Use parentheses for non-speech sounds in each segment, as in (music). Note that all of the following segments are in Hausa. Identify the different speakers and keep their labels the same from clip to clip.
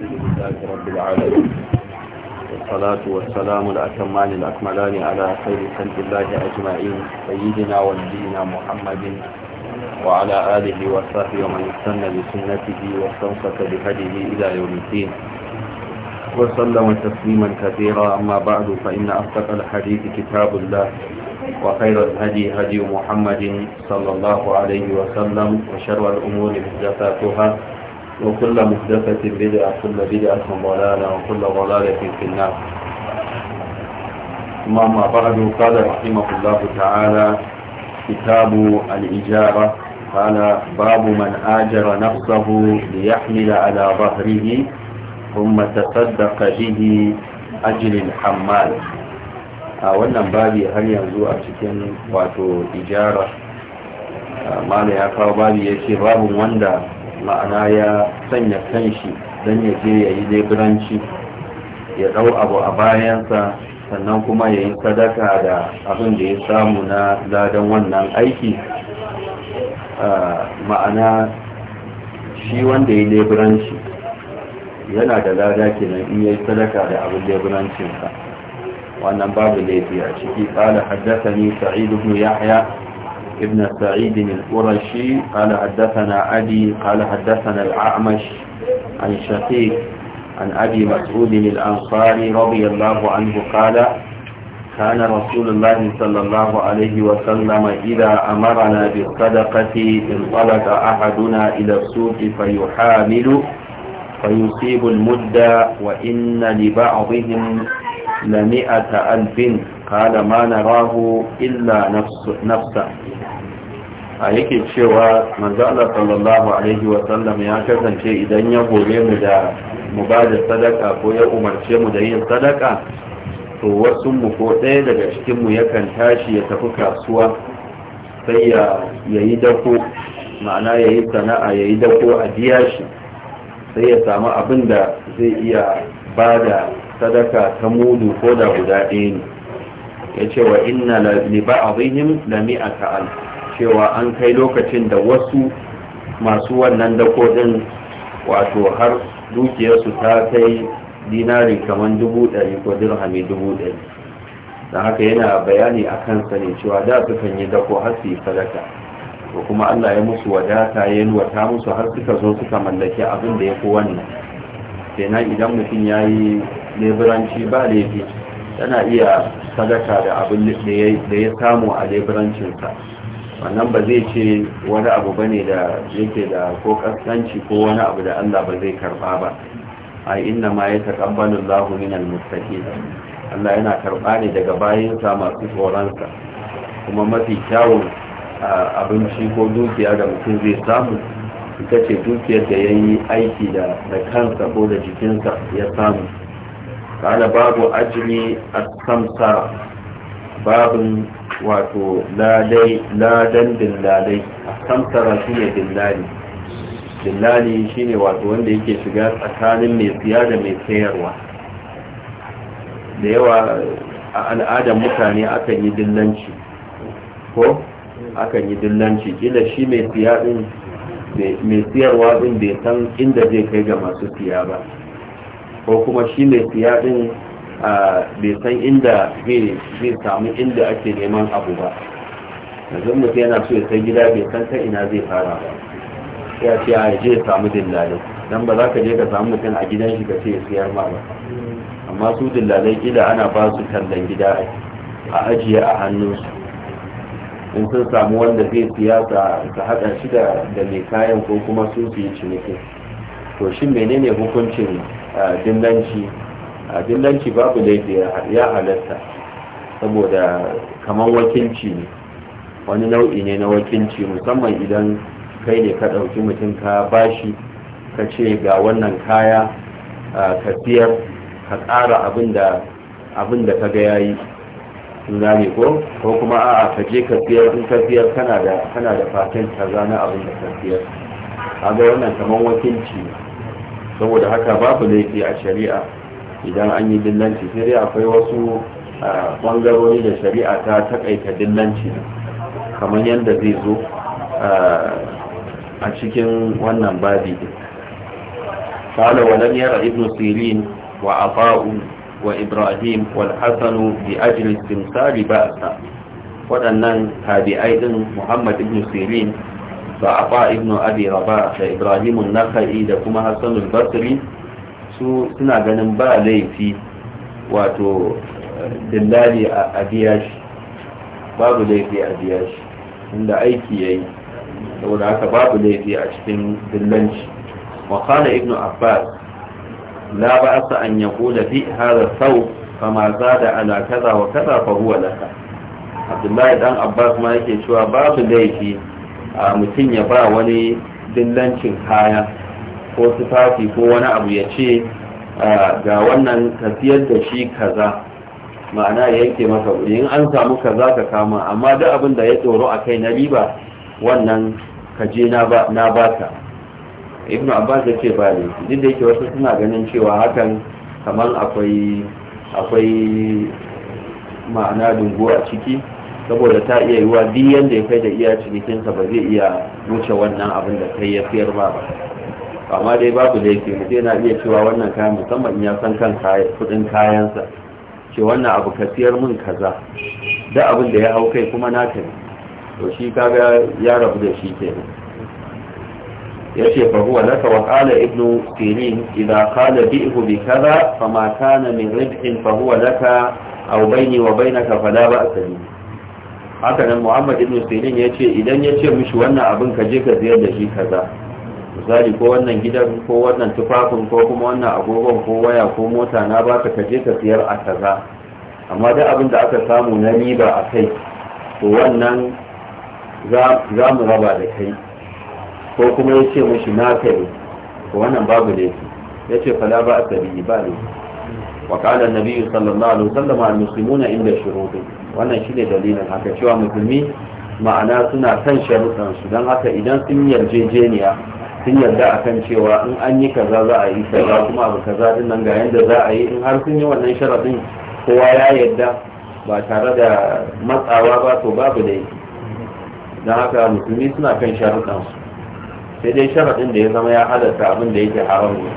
Speaker 1: الحمد لله رب العالمين والصلاة والسلام الأكمان الأكملان على خير خلق الله أجمعين سيدنا ونبينا محمد وعلى آله وصحبه ومن استنى بسنته واستنصت بهديه إلى يوم الدين وسلم تسليما كثيرا أما بعد فإن أصدق الحديث كتاب الله وخير الهدي هدي محمد صلى الله عليه وسلم وشر الأمور محدثاتها وكل محدثة بدعة كل بدعة ضلالة وكل ضلالة في النار ثم ما بعد قال رحمه الله تعالى كتاب الإجارة قال باب من آجر نفسه ليحمل على ظهره ثم تصدق به أجل الحمال أولا بابي هل ينزو a واتو إجارة ijara mala ya kawo babi ya ce ma'ana ya sanya kanshi don ya je ya yi leburanci ya ɗau abu a bayansa sannan kuma ya yi sadaka da abin da ya samu na ladan wannan aiki ma'ana shi wanda ya leburanci yana da lada kenan in ya yi sadaka da abin leburancinsa wannan babu laifi a ciki ƙala haddasa ni sa'idu yahya ابن سعيد القرشي قال حدثنا أبي قال حدثنا الأعمش عن شقيق عن أبي مسعود الأنصاري رضي الله عنه قال كان رسول الله صلى الله عليه وسلم إذا أمرنا بالصدقة انطلق أحدنا إلى السوق فيحامل فيصيب المدة وإن لبعضهم
Speaker 2: لمئة
Speaker 1: ألف قال ما نراه إلا نفس نفسه a yake cewa manzo Allah sallallahu alaihi wa sallam ya kasance idan ya gobe mu da mu ba da sadaka ko ya umarce mu da yin sadaka to wasu mu ko ɗaya daga cikin mu yakan tashi ya tafi kasuwa sai ya yayi dako ma'ana yayi sana'a yayi dako a biya shi sai ya samu abin da zai iya ba da sadaka ta mudu ko da guda ɗaya ne ya ce wa inna li ba'dihim la mi'ata alf cewa an kai lokacin da wasu masu wannan dakodin wato har dukiyarsu ta kai dinari kamar dubu ɗari ko dirhami dubu ɗari don haka yana bayani a kansa ne cewa da sukan yi dako har su yi sadaka ko kuma allah ya musu wadata ya wata musu har suka zo suka mallaki abin da ya fi wannan na idan mutum ya yi leburanci ba laifi yana iya sadaka da abin da ya samu a leburancinsa wannan ba zai ce wani abu bane da yake da ko kasanci ko wani abu da Allah ba zai karba ba a inna ma yataqabbalu Allahu minal muttaqin Allah yana karba ne daga bayinsa masu tsoronsa kuma mafi kyawun abinci ko dukiya da mutum zai samu ita ce dukiyar da yayi aiki da da kansa ko da jikinsa ya samu kana babu ajli a samsa. babin wato ladai ladan dillalai a samsara shi ne dillali dillali shi ne wato wanda yake shiga tsakanin mai siya da mai sayarwa da yawa a al'adar mutane akan yi dillanci ko akan yi dillanci ila shi mai siya din mai siyarwa din bai san inda zai kai ga masu siya ba ko kuma shi mai siya din bai san inda zai samu inda ake neman abu ba yanzu mutum yana so ya sai gida bai san ta ina zai fara ba ya ce a je ya samu dillalai don ba za ka je ka samu mutum a gidan shi ka ce ya siyar ma ba amma su dillalai gida ana ba su tallan gida a ajiye a hannunsu in sun samu wanda zai siya ta haɗa shi da mai kayan ko kuma sun su yi ciniki to shi menene hukuncin eh, dillanci a dillanci babu laifi ya halatta saboda kamar wakilci ne wani nau'i ne na wakilci musamman idan kai ne ka ɗauki mutum ka bashi ka ce ga wannan kaya ka siyar ka tsara abin da ka ga yayi ne ko ko kuma a'a ka je ka siyar in ka siyar kana da fatan kaza abin da ka siyar ga wannan kamar wakilci saboda haka babu laifi a shari'a idan an yi dillanci sai dai akwai wasu bangarori da shari'a ta takaita dillanci kamar yadda zai zo a cikin wannan babi قال ولم يرى ابن سيرين وعطاء وإبراهيم والحسن بأجل استمثال بأسا waɗannan tabi'ai ɗin muhammad ibn sirin da afa ibn abi raba da ibrahim naka'i da kuma hassan al-basri su suna ganin ba laifi wato dillali a biya shi babu laifi a biya shi inda aiki ya yi saboda haka babu laifi a cikin dillanci wakana ibn abbas la ba asa an yako da fi hada sau kama za da ala kaza wa kaza fa huwa laka abdullahi dan abbas ma yake cewa babu laifi a mutum ya ba wani dillancin kaya ko tufafi ko wani abu ya ce ga wannan ka siyar da shi kaza ma'ana yanke maka in an samu kaza ka kama amma da abin da ya tsoro a kai na riba wannan ka je na baka ibn abbas ya ce ba ne duk da yake wasu suna ganin cewa hakan kamar akwai akwai ma'ana dungu a ciki saboda ta iya yiwa biyan da ya kai da iya cinikinsa ba zai iya wuce wannan abin da kai ya fiyar ba ba amma dai babu laifi mutum yana iya cewa wannan kayan musamman ya san kan kudin kayansa ce wannan abu ka siyar mun kaza da abin da ya hau kai kuma naka ne to shi kaga ya rabu da shi kenan ya ce wa laka wa kala ibnu sirin kala bi ihu bi kaza fama kana min ribhin fa wa laka au baini wa bainaka fala ba'sa bi haka nan muhammad ibnu sirin ya ce idan ya ce mishi wannan abin ka je ka ziyar da shi kaza misali ko wannan gidan ko wannan tufafin ko kuma wannan agogon ko waya ko mota na baka ka je ka siyar a kaza amma duk abin da aka samu na riba a kai to wannan za mu raba da kai ko kuma ya ce mushi na kai ko wannan babu ne ya ce fala ba a sabi ba ne wa kala nabi sallallahu alaihi wasallam al muslimuna inda shuruɗi wannan shine dalilin haka cewa musulmi ma'ana suna kan sharuɗan su don haka idan sun yarjejeniya sun yarda a kan cewa in an yi kaza za a yi kaza kuma abu kaza din nan ga yanda za a yi in har sun yi wannan sharadin kowa ya yarda ba tare da matsawa ba to babu da don haka musulmi suna kan sharuɗan su sai dai sharaɗin da ya zama ya halatta abin da yake haram ne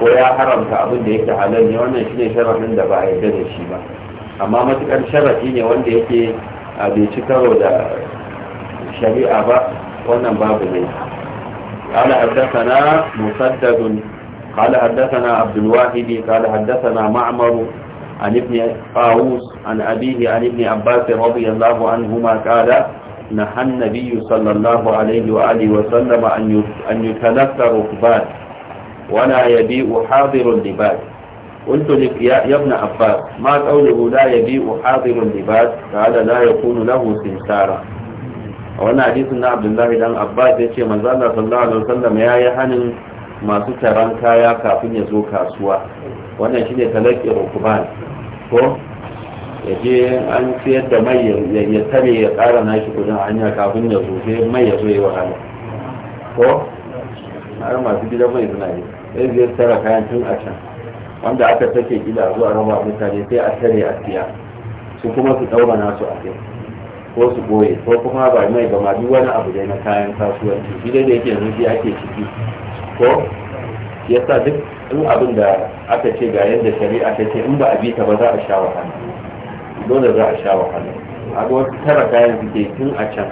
Speaker 1: ko ya haramta abin da yake halal ne wannan shine sharaɗin da ba a yarda da shi ba amma matukar sharaɗi ne wanda yake a bai ci karo da shari'a ba wannan babu ne قال حدثنا مسدد قال حدثنا عبد الواحد قال حدثنا معمر عن ابن قاووس عن أبيه عن ابن عباس رضي الله عنهما قال نهى النبي صلى الله عليه وآله وسلم أن يتلفى ركبان ولا يبيء حاضر لباس قلت لك يا ابن عباس ما قوله لا يبيء حاضر لباس قال لا يكون له سمسارا a wannan hadisin na abdullahi dan abbas ya ce manzo Allah sallallahu alaihi wasallam ya yi hanin masu taron kaya kafin ya zo kasuwa wannan shine talaqi rukuban ko yaje an siyar da mai ya tare ya kara nashi kudin hanya kafin ya zo sai mai ya zo ya wahala ko har masu gidan mai suna yi sai zai tara kayan tun a can wanda aka sake gida zuwa raba mutane sai a tare a siya su kuma su daura nasu a kai ko su goye ko kuma ba mai ba wani abu dai na kayan kasuwanci shi dai da yake yanzu shi ake ciki ko ya sa duk abin da aka ce ga yadda shari'a ta ce in ba a bi ba za a sha wahala dole za a sha wahala a ga wasu tara kayan suke tun a can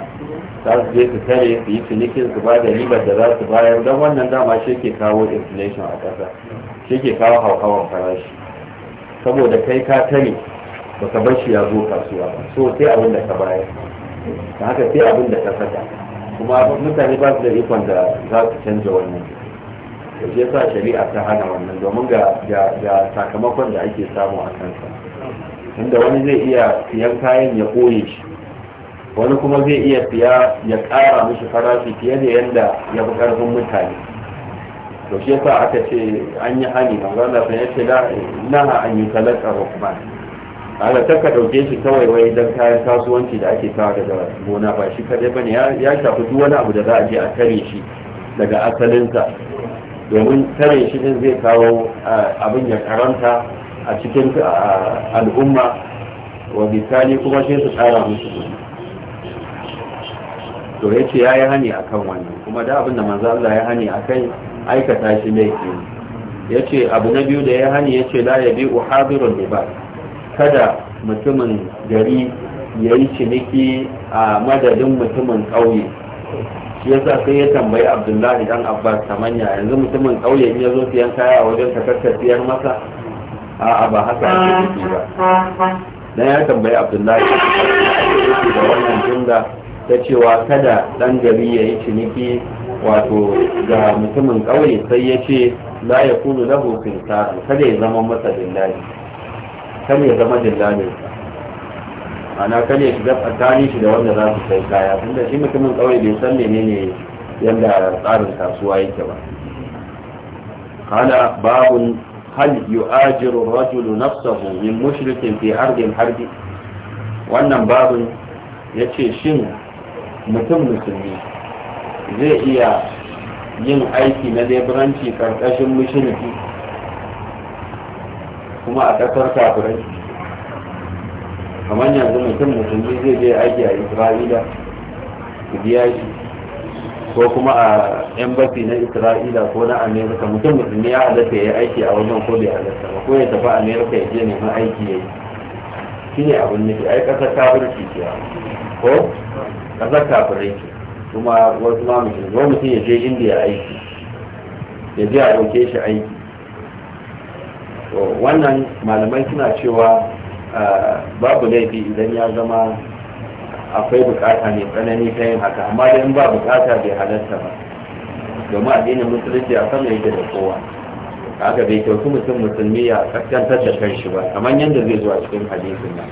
Speaker 1: za su je su tare su yi cinikin su ba da ribar da za su bayar don wannan dama shi ke kawo inflation a ƙasa shi ke kawo hauhawar farashi saboda kai ka tare ba ka bar shi ya zo kasuwa ba so sai abin da ka bayar ta haka sai abin da ka saka kuma mutane ba su da ikon da za su canza wannan da shi yasa shari'a ta hana wannan domin ga sakamakon da ake samu a kansa inda wani zai iya siyan kayan ya koye shi wani kuma zai iya siya ya kara mishi farashi fiye da yadda ya fi karfin mutane to shi yasa aka ce an yi hani ba za sai san ce na an yi talaka rukman ala ta ka dauke shi kawai wai dan kayan kasuwanci da ake kawo daga gona ba shi kadai bane ya shafi duk wani abu da za a je a tare shi daga asalinsa domin tare shi din zai kawo abin ya karanta a cikin al'umma wa bisani kuma sai su tsara musu kuɗi to ya ce ya yi hani a kan wannan kuma da abin da manzo Allah ya hani a kai aikata shi laifi ya ce abu na biyu da ya hani ya ce la ya bi uhadirun libas kada mutumin gari ya yi ciniki a madadin mutumin ƙauye shi yasa sai ya tambayi abdullahi dan abbas samanya yanzu mutumin ƙauye in ya zo siyan kaya a wajen takardar siyar masa a'a ba haka ake ciki ba dan ya tambayi abdullahi da wannan jumla ta cewa kada dan gari ya yi ciniki wato ga mutumin ƙauye sai ya ce la ya kunu lahu kada ya zama masa lillahi kan ya zama dillalin ana kan ya shiga tsakanin shi da wanda za su sai kaya tunda shi mutumin kawai bai san menene yadda tsarin kasuwa yake ba قال باب hal يؤاجر الرجل نفسه من مشرك في أرض الحرب wannan babin ya ce shin mutum musulmi zai iya yin aiki na leburanci karkashin mushirki kuma a ƙasar kafirai kamar yanzu mutum musulmi zai je aiki a isra'ila su biya shi ko kuma a embassy na isra'ila ko na amerika mutum musulmi ya halatta ya yi aiki a wajen ko bai halatta ba ko ya tafi amerika ya je neman aiki ya yi shi ne abin nufi ai ƙasar kafirai ce ko ƙasar kafirai ce kuma wasu ma mutum ya je indiya aiki ya je a ɗauke shi aiki wannan malamai suna cewa babu laifi idan ya zama akwai bukata ne tsanani ta yin haka amma dai ba bukata bai halarta ba domin addinin musulunci a sama yake da kowa haka bai kyautu mutum musulmi ya kaskantar da kanshi ba kamar yadda zai zuwa cikin hadisin nan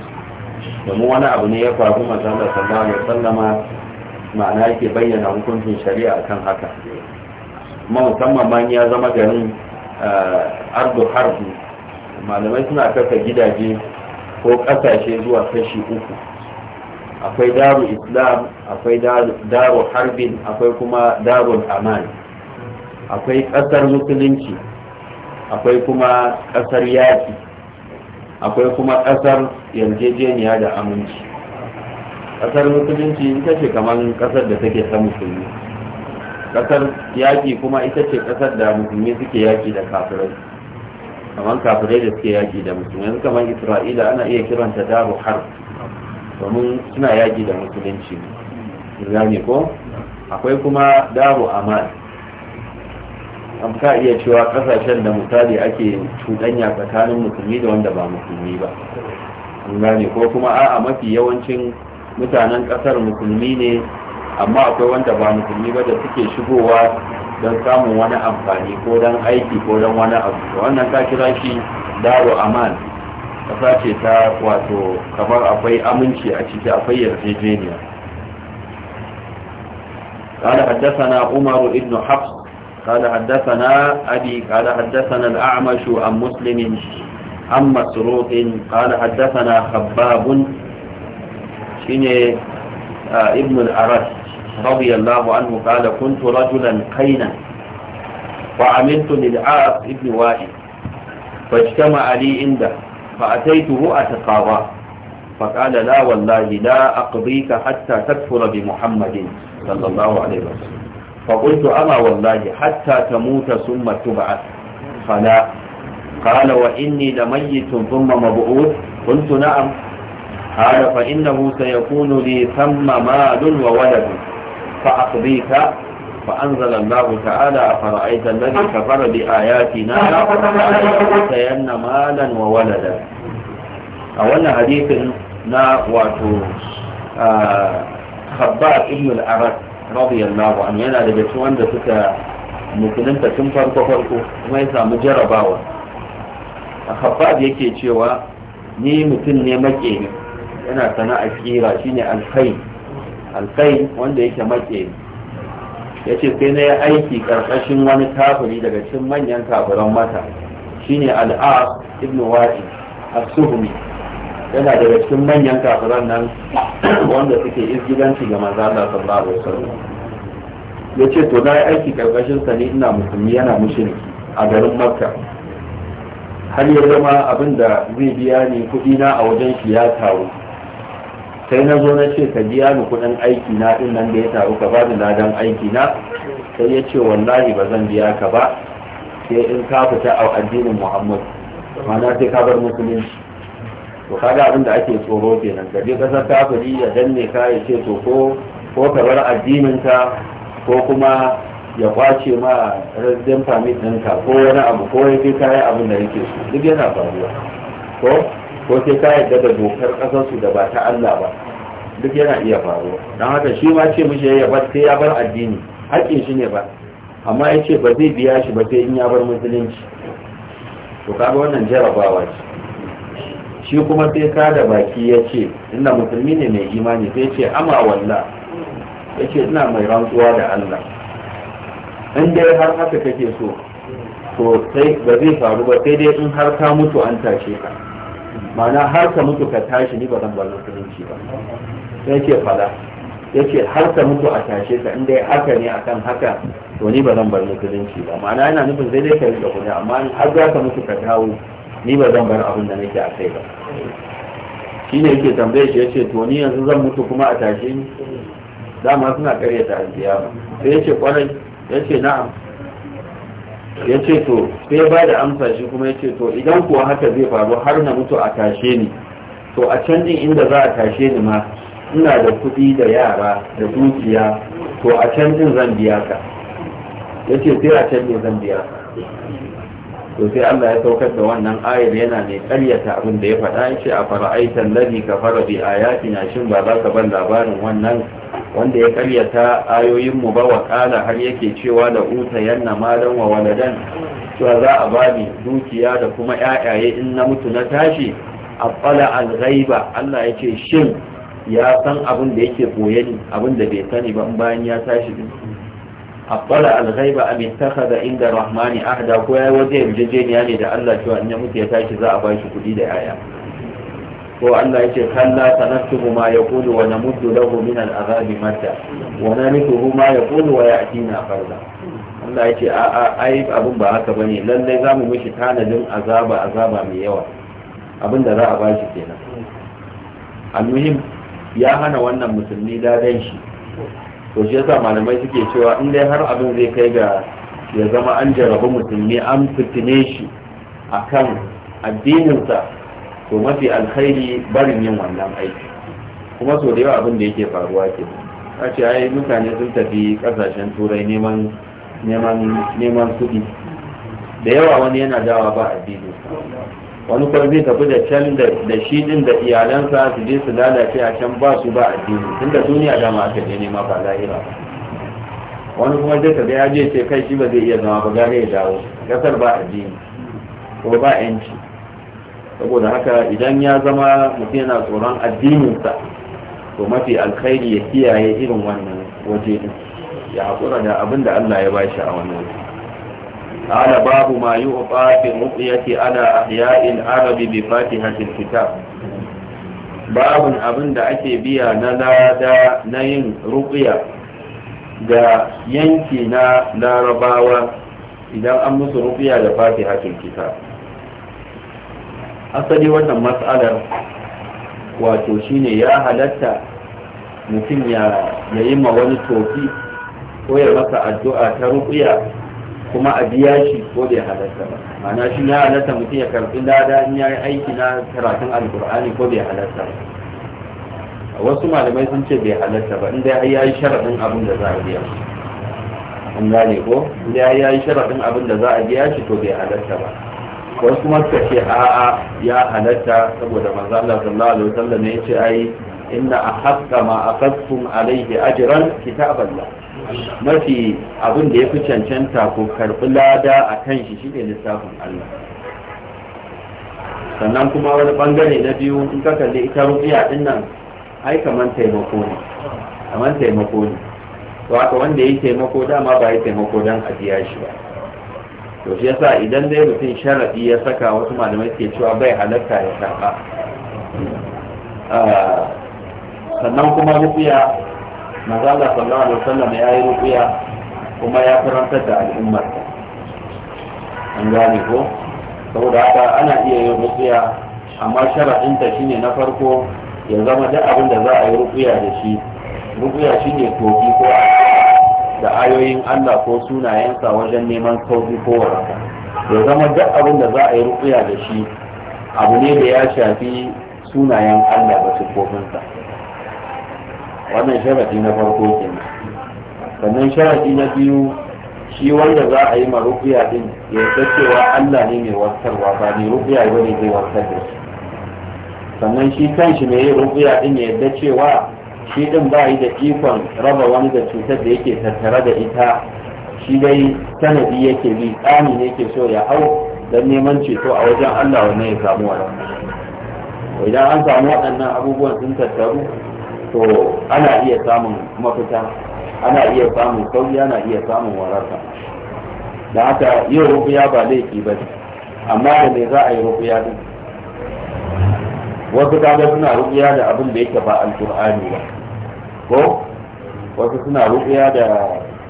Speaker 1: domin wani abu ne ya faru manzon da sallama ma'ana yake bayyana hukuncin shari'a akan haka kuma musamman ya zama garin ardu harbi malamai suna kaka gidaje ko ƙasashe zuwa kashi uku akwai daru islam akwai daru harbin akwai kuma Daru aman akwai ƙasar musulunci akwai kuma ƙasar yaki akwai kuma ƙasar yarjejeniya da aminci ƙasar musulunci ita ce kamar ƙasar da take ta musulmi ƙasar yaki kuma ita ce ƙasar da musulmi suke yaki da kafirai kamar kafirai da suke yaki da musulmi yanzu kamar isra'ila ana iya kiranta daru har domin suna yaki da musulunci ne ko akwai kuma daru amal an ka iya cewa kasashen da misali ake cuɗanya tsakanin musulmi da wanda ba musulmi ba ne ko kuma a'a mafi yawancin mutanen ƙasar musulmi ne amma akwai wanda ba musulmi ba da suke shigowa don samun wani amfani ko don aiki ko don wani abu wannan ka kira shi daro aman kasa ce ta wato kamar akwai aminci a ciki akwai yarjejeniya قال حدثنا عمر بن حفص قال حدثنا أبي قال حدثنا الأعمش عن مسلم عن مسروق قال حدثنا خباب شنه ابن الأرس رضي الله عنه قال كنت رجلا قينا فعملت للعاص بن وائل فاجتمع لي عنده فأتيته أتقاضاه فقال لا والله لا أقضيك حتى تكفر بمحمد صلى الله عليه وسلم فقلت أما والله حتى تموت ثم تبعث فلا قال وإني لميت ثم مبعوث قلت نعم قال فإنه سيكون لي ثم مال وولد فأقضيك فأنزل الله تعالى أفرأيت الذي كفر بآياتنا سين مالا وولدا أولا حديثنا واتو خبار ابن الأرد رضي الله عنه ينا لبسوان دا سكا musulunta tun farko farko kuma ya samu jarabawa a khabbab yake cewa ni mutum ne makeri yana sana'a kira shine alkhai alkai wanda yake make ya ce sai na yi aiki karkashin wani kafiri daga cikin manyan kafiran mata shine al'as ibn wa'i as-suhmi yana daga cikin manyan kafiran nan wanda suke izgidanci ga manzo Allah sallallahu alaihi wasallam yace to na yi aiki karkashin sa ne ina musulmi yana mushriki a garin makka har ya zama abin da zai biya ni kuɗi na a wajen shi ya taru sai na zo na ce ka biya ni kuɗin aiki na ɗin nan da ya taru ka ba ni ladan aiki na sai ya ce wallahi ba zan biya ka ba sai in ka fita a addinin muhammad na sai ka bar musulunci to kaga abin da ake tsoro kenan ka je kasar kafiri ya danne ka ya ce to ko ko ka bar addinin ka ko kuma ya kwace ma resident permit ɗinka ko wani abu ko ya fi kayan abin da yake so duk yana faruwa ko ko sai ka yarda da dokar kasar su da ba ta Allah ba duk yana iya faruwa don haka shi ma ce mishi ya bar sai ya bar addini haƙƙin shi ne ba amma ya ce ba zai biya shi ba sai in ya bar musulunci to kaga wannan jarabawa ce shi kuma sai ka da baki ya ce ina musulmi ne mai imani sai ce ama walla ya ce ina mai rantsuwa da Allah in dai har haka kake so to sai ba zai faru ba sai dai in har ka mutu an tashe ka ma'ana har ka mutu ka tashi ni ba zan bar musulunci ba sai ce fada ya ce har ka mutu a tashe ka inda ya haka ne akan haka to ni ba zan bar musulunci ba ma'ana yana nufin zai dai ka yi kuɗi amma in har za ka mutu ka dawo ni ba zan bar abin da nake a kai ba shi ne yake tambaye shi ya ce to ni yanzu zan mutu kuma a tashe ni dama suna karyata alkiyama sai ya ce kwarai ya ce na'am ya ce to sai ba da amsa shi kuma ya ce to idan kuwa haka zai faru har na mutu a tashe ni to a canjin inda za a tashe ni ma ina da kuɗi da yara da dukiya to a canjin zan biya ka ya ce sai a can din zan biya ka to sai Allah ya saukar da wannan ayar yana mai karyata abin da ya faɗa ya ce a fara'aitan ladhi fara bi na shin ba za ka ban labarin wannan wanda ya karyata ayoyin mu ba wa kala har yake cewa da uta yanna malan wa waladan cewa za a bani dukiya da kuma ƴaƴaye in na mutu na tashi afala al Allah ce shin ya san abin da yake boye ni abin da bai sani ba bayan ya tashi din afala al am ittakhadha inda rahmani ahda ko ya waje yarjejeniya ne da Allah cewa in ya mutu ya tashi za a bashi kuɗi da 'ya'ya. ko Allah yake kalla sanaktubu ma yaqulu wa namuddu lahu min al-azabi matta wa namithu ma yaqulu wa ya'tina farda Allah yake a a ai abin ba haka bane lalle zamu mishi tanadin azaba azaba mai yawa abin za a bashi kenan muhim ya hana wannan musulmi dadan shi to shi yasa malamai suke cewa in dai har abin zai kai ga ya zama an jarabi ne an fitine shi akan addininsa to mafi alkhairi barin yin wannan aiki kuma so da yawa abin da yake faruwa ke a ce ai mutane sun tafi kasashen turai neman neman neman kuɗi da yawa wani yana dawa ba addini wani kuma zai tafi da can da shi din da iyalansa su je su lalace a can ba su ba addini tunda duniya dama aka je nema ba lahira wani kuma zai tafi ya je ce kai shi ba zai iya zama ba gare ya dawo kasar ba addini ko ba yanci saboda haka idan ya zama mutum yana tsoron addininsa to mafi alkhairi ya kiyaye irin wannan waje ya haƙura da abin Allah ya ba shi a wannan ala babu ma yi wa fafin rukiyati ala ahya'in arabi bi fatihatil kitab babun abin da ake biya na lada na yin rukiya ga yanki na larabawa idan an musu rukiya da fatihatil kitab asali wannan matsalar wato shine ya halatta mutum ya yi ma wani tofi ko ya masa addu'a ta rukuya kuma a biya shi ko bai halatta ba ma'ana shi ya halatta mutum ya karfi lada in ya yi aiki na karatun alkur'ani ko bai halatta ba wasu malamai sun ce bai halatta ba inda ya yi sharaɗin abin da za a biya shi an gane ko inda ya yi sharaɗin abin da za a biya shi to bai halatta ba wasu kuma suka ce a'a ya halatta saboda manzo Allah sallallahu alaihi wasallam ya ce ai inna a ma aqadtum alaihi ajran kitaballah mafi abin da ya fi cancanta ko karbi lada a kan shi shine lissafin Allah sannan kuma wani bangare na biyu in ka kalli ita rubiya din nan ai kaman taimako ne kaman taimako ne to haka wanda ya yi taimako dama ba ya taimako dan a biya shi ba to shi yasa idan dai mutum sharaɗi ya saka wasu malamai ke cewa bai halarta ya karba ah, sannan kuma rufiya mazala sallallahu alaihi wasallam ya yi rufiya kuma ya karantar da al'ummar an gane ko saboda haka ana iya yin rufiya amma sharaɗinta shine na farko ya zama duk abin da za a yi rufiya da shi rufiya shine kogi ko a da ayoyin Allah ko sunayensa wajen neman sauki ko waraka ya zama duk abin da za a yi rukuya da shi abu ne da ya shafi sunayen Allah da kofinsa wannan sharaɗi na farko kenan sannan sharaɗi na biyu shi wanda za a yi ma rukuya din ya tsakewa cewa Allah ne mai warkarwa ba ne rukuya ba ne zai warkar da shi sannan shi kanshi mai rukuya din ya yadda cewa shi din ba yi da ikon raba wani da cutar da yake tattare da ita shi dai sanadi yake bi tsani ne ke so ya hau don neman ceto a wajen Allah wannan ya samu ranar idan an samu waɗannan abubuwan sun tattaru to ana iya samun mafita ana iya samun sauri ana iya samun wararka. da haka yin rufiya ba laifi ba amma da me za a yi rufiya din wasu kaga suna rukiya da abin da yake ba alkur'ani ba ko wasu suna rukiya da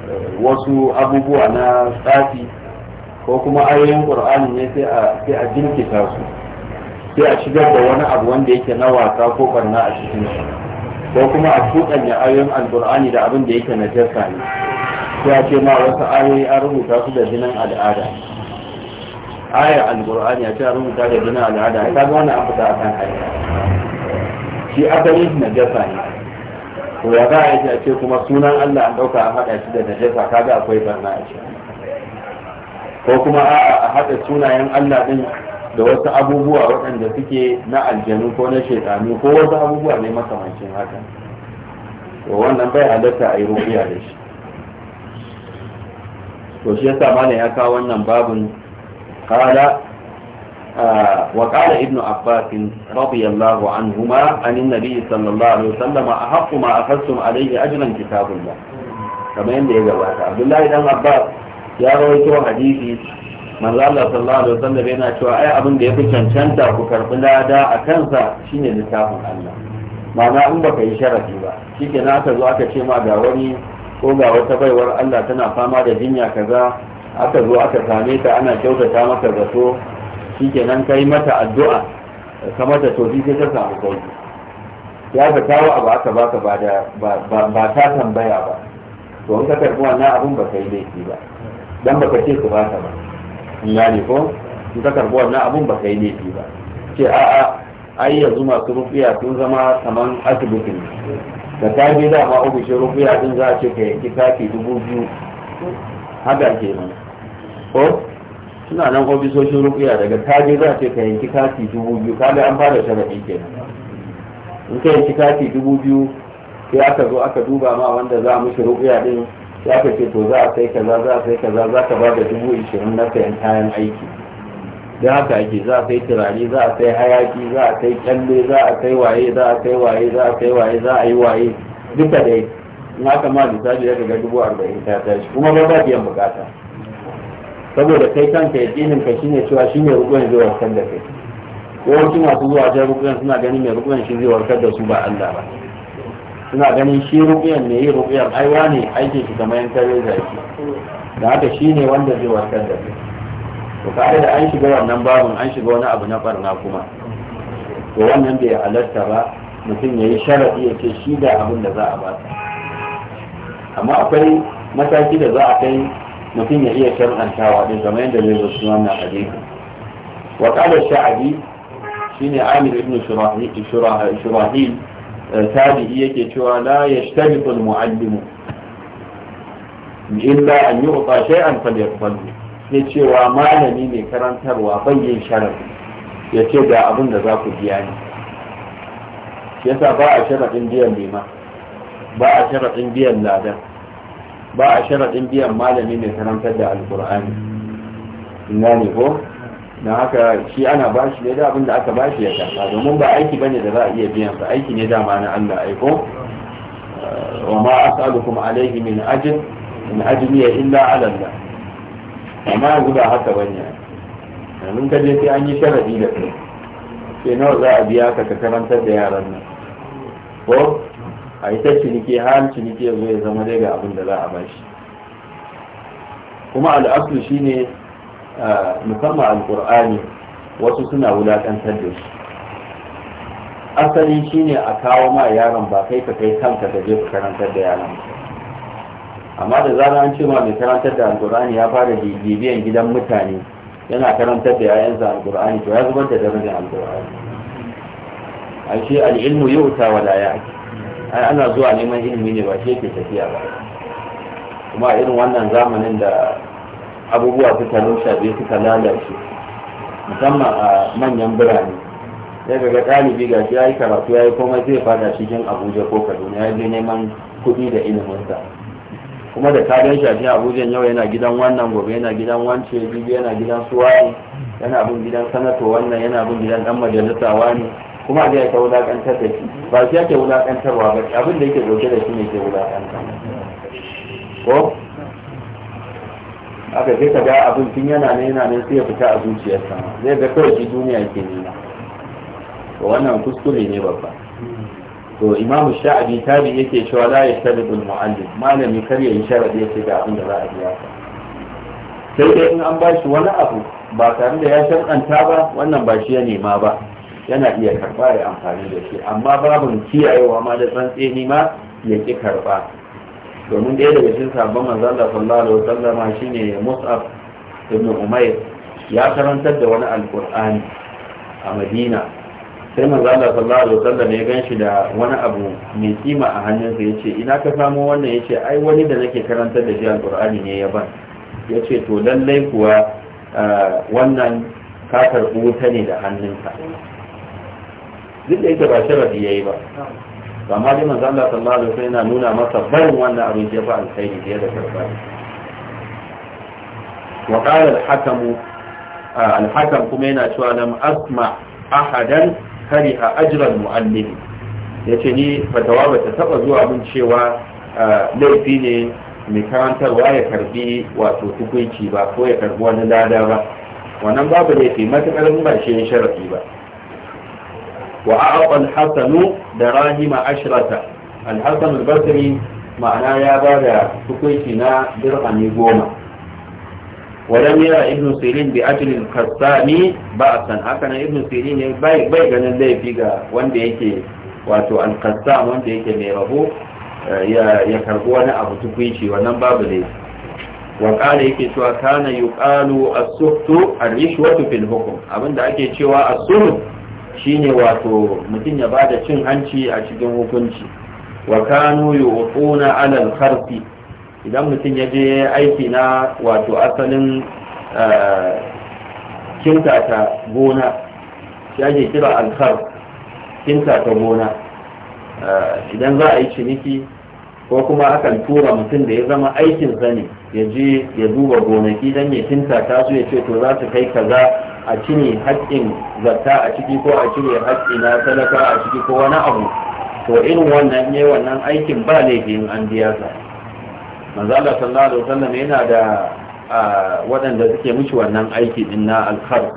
Speaker 1: eh, wasu abubuwa na tsafi ko kuma ayoyin qur'ani ne sai a sai su sai a shigar da wani abu wanda yake na wasa ko barna a cikin shi ko kuma a tuɗanya ayoyin alqur'ani da abin da yake na jasa ne sai a ce ma wasu ayoyi an rubuta su da jinin al'ada ayar alqur'ani a ce an rubuta da jinin al'ada ga wani an fita akan hanya shi asalin najasa ne to ya za a yi a ce kuma sunan Allah an ɗauka a haɗa shi da najasa kaga akwai barna a ce ko kuma a haɗa sunayen Allah ɗin da wasu abubuwa waɗanda suke na aljanu ko na shaitanu ko wasu abubuwa ne makamancin haka to wannan bai halatta a yi rubiya da shi to shi yasa ne ya kawo wannan babun kala وقال ابن عباس رضي الله عنهما عن النبي صلى الله عليه وسلم أحق ما أخذتم عليه أجرا كتاب الله كما يندي يجواتا عبد الله بن عباس يا رويتو حديثي من الله صلى الله عليه وسلم بينا شو أي أبن دي يكون شنشنتا وكرب لا دا أكنسا شين لتاب الله معنى أم بك إشارتي با شيك ناكا زواكا شيما داوني ko ga wata baiwar Allah tana fama da jinya kaza aka zo aka same ta ana kyautata maka zato ka kai mata addu'a ka mata tofi sai ta samu kai ya ka kawo abu aka baka ba da ba ta tambaya ba to in ka karbi wannan abun ba kai laifi ba dan baka ce su ba ta ba in gane ko in ka karbi wannan abun ba kai laifi ba ce a'a ai yanzu masu rufiya sun zama kaman asibitin da ka je da ma dama shi rufiya din za a ce ka yanki kafi dubu biyu haka kenan ko suna nan ofisoshin rukuya daga taje za ce ka yanki kati dubu biyu kaga an fara sharaɗi kenan in ka yanki kati dubu biyu sai aka zo aka duba ma wanda za a mishi rukuya din sai aka ce to za a sai kaza za a sai kaza za ka ba da dubu ishirin na sayan kayan aiki da haka ake za a sai turare za a sai hayaki za a sai kyalle za a sai waye za a sai waye za a sai waye za a yi waye duka dai in aka ma lissafi daga dubu arba'in ta tashi kuma ba ba biyan bukata saboda kai kanka ya ji ka shine cewa shine rukunin zai warkar da kai wasu masu zuwa jan rukunan suna ganin mai rukunan shi zai warkar da su ba Allah ba suna ganin shi rukunin mai yi rukunin aiwa ne aikin shi kamar yankan da shi da haka shi ne wanda zai warkar da kai to kare da an shiga wannan babun an shiga wani abu na barna kuma to wannan bai halarta ba mutum ya yi sharaɗi ya ce shi da abin da za a ba amma akwai mataki da za a kai mutum ya iya shar'antawa ɗin kamar yadda zai zai wannan hadisi وقال الشعبي شيني عامر ابن شراحيل تابعية كتوى لا يشتبط المعلم إلا أن يعطى شيئا فليقبل كتوى ما لني لكران تروى بي شرف يتدى أظن ذاك الديان يتدى باع شرف ديان بما باع شرف ديان لا ده ba a sharaɗin biyan malami mai karantar da alkur'ani ina ne ko na haka shi ana ba shi ne da abin da aka ba shi ya karɓa domin ba aiki bane da za a iya biyan ba aiki ne dama na allah aiko wa ma as'alukum alayhi min ajr in ajriya illa ala allah amma yanzu ba haka bane yanzu ka je sai an yi sharadi da kai sai nawa za a biya ka ka karantar da yaran nan ko a yi ta ciniki har ciniki ya zo ya zama dai ga abin da za a shi. kuma shi ne musamman Alƙur'ani wasu suna wulaƙantar da shi asali shine a kawo ma yaron ba kai ka kai kanka ka je ka karantar da yaron amma da zara an ce ma mai karantar da Alƙur'ani ya fara bibiyan gidan mutane yana karantar da yayansa Alƙur'ani, to ya zubar da darajar Alƙur'ani. a shi al'ilmu yau ta wala ake ana zuwa neman ilimi ne ba shi yake tafiya ba kuma irin wannan zamanin da abubuwa suka rushe suka lalace musamman a manyan birane sai ga ga ɗalibi ga shi ya yi karatu ya yi komai zai fada cikin abuja ko kaduna ya je neman kuɗi da iliminsa kuma da ka gan abuja yau yana gidan wannan gobe yana gidan wance bibi yana gidan suwani yana bin gidan sanato wannan yana bin gidan ɗan majalisa wani kuma da ya ta wulakantar da shi ba shi yake wulakantarwa ba abin da yake dauke da shi ne ke wulakantar ko aka sai ka ga abin tun yana ne yana ne sai ya fita a zuciyarsa zai ga kawai shi duniya ke nuna. to wannan kuskure ne babba to imam sha'abi tabi yake cewa la yashtaridu al-mu'allim malami kar ya yi sharadi ya ce ga abin da za a biya ka sai dai in an bashi wani abu ba tare da ya shakanta ba wannan ba shi ya nema ba yana iya karba ya amfani da shi amma babin kiyayewa ma da tsantseni ma ya ki karba domin ɗaya daga cikin sabon manzon da sallallahu alaihi wasallam shine Mus'ab ibn Umair ya karantar da wani alqur'ani a Madina sai manzon Allah sallallahu alaihi ya ganshi da wani abu mai kima a hannunsa yace ina ka samo wannan yace ai wani da nake karantar da shi alqur'ani ne ya ban yace to lallai kuwa eh, wannan ka karbu wuta ne da hannunka duk da yake ba sharadi yi ba amma dai manzo Allah sallallahu alaihi wasallam yana nuna masa barin wannan abin da ba alkhairi da da karba wa qala al al kuma yana cewa lam asma ahadan kariha ajran muallim yace ni fatawa ba ta taba zuwa mun cewa laifi ne mai karantarwa ya karbi wato hukunci ba ko ya karbi wani lada ba wannan babu laifi matakar ba shi sharafi ba wa a'ata al-hasan darahima ashrata al-hasan basri ma'ana ya bada da na dirhami goma ولم يرى ابن سيرين بأجل القسام بأسا هكذا ابن سيرين ne bai ganin laifi ga wanda yake wato al-qassam wanda yake mai rabo eh, ya ya karbo wani abu tukunci wannan babu ne wa qala yake cewa kana yuqalu as-suhtu ar-rishwatu fil hukm abinda ake cewa as-suhtu shine wato mutum ya bada cin hanci a cikin hukunci wa kanu yuquna alal kharfi idan mutum ya je aiki na wato asalin eh, kinta ta gona shi ake kira alkhar kinta ta gona eh, idan za a yi ciniki ko kuma akan tura mutum da ya zama aikin sani ya je ya duba gonaki don ya kinta ta su ya ce to za su kai kaza a cire haƙƙin zata a ciki ko a cire haƙƙi na sadaka a ciki ko wani abu to irin wannan ne wannan aikin ba laifin an biya sa manzo Allah sallallahu alaihi wasallam yana da waɗanda suke mishi wannan aiki din na alkhar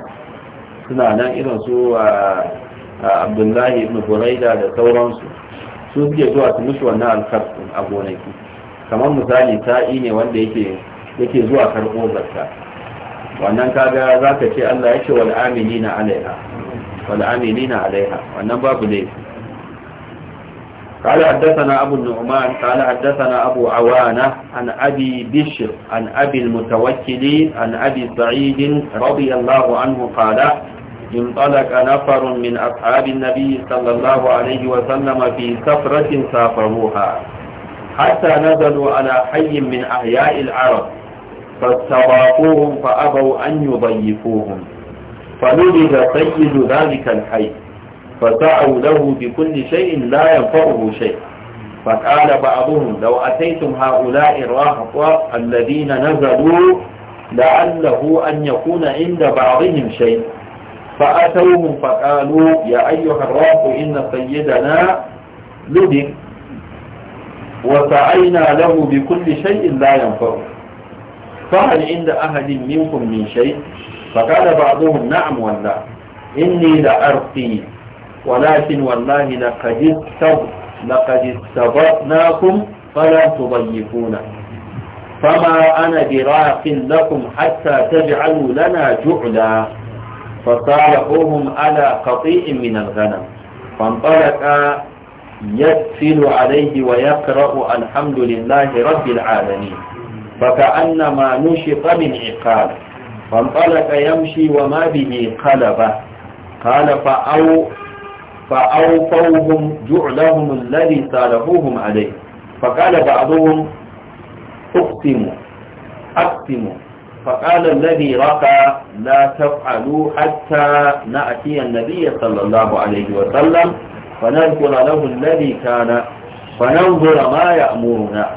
Speaker 1: suna nan irin su Abdullahi ibn Buraida da sauransu su suke zuwa su mishi wannan alkhar a gonaki kamar misali sa'i ne wanda yake yake zuwa karɓo zakka wannan kaga za ka ce Allah ya ce wal’amini na alaiha wal’amini na alaiha wannan babu ne kala haddasa abu nu'man kala haddasa na abu awana an abi bishir an abi mutawakili an abi sa'idin rabi Allah anhu kala in talaka nafarun min ashabin nabi sallallahu alaihi wa sallama fi safaruha حتى نزلوا على حي من أحياء العرب فاستضافوهم فأبوا أن يضيفوهم فنبغ سيد ذلك الحي فدعوا له بكل شيء لا ينفعه شيء فقال بعضهم لو أتيتم هؤلاء الرهط الذين نزلوا لعله أن يكون عند بعضهم شيء فأتوهم فقالوا يا أيها الرهط إن سيدنا لدك وسعينا له بكل شيء لا ينفعه فهل عند أحد منكم من شيء فقال بعضهم نعم والله إني لأرقي ولكن والله لقد لقد استبرناكم فلا تضيفونا فما أنا براق لكم حتى تجعلوا لنا جعلا فصالحوهم على قطيع من الغنم فانطلق يدفل عليه ويقرأ الحمد لله رب العالمين فكأنما نشط من عقاب فانطلق يمشي وما به قلبه قال فأو فأوفوهم جعلهم الذي سالفوهم عليه فقال بعضهم اقسموا اقسموا فقال الذي رقى لا تفعلوا حتى نأتي النبي صلى الله عليه وسلم فنذكر له الذي كان فننظر ما يأمرنا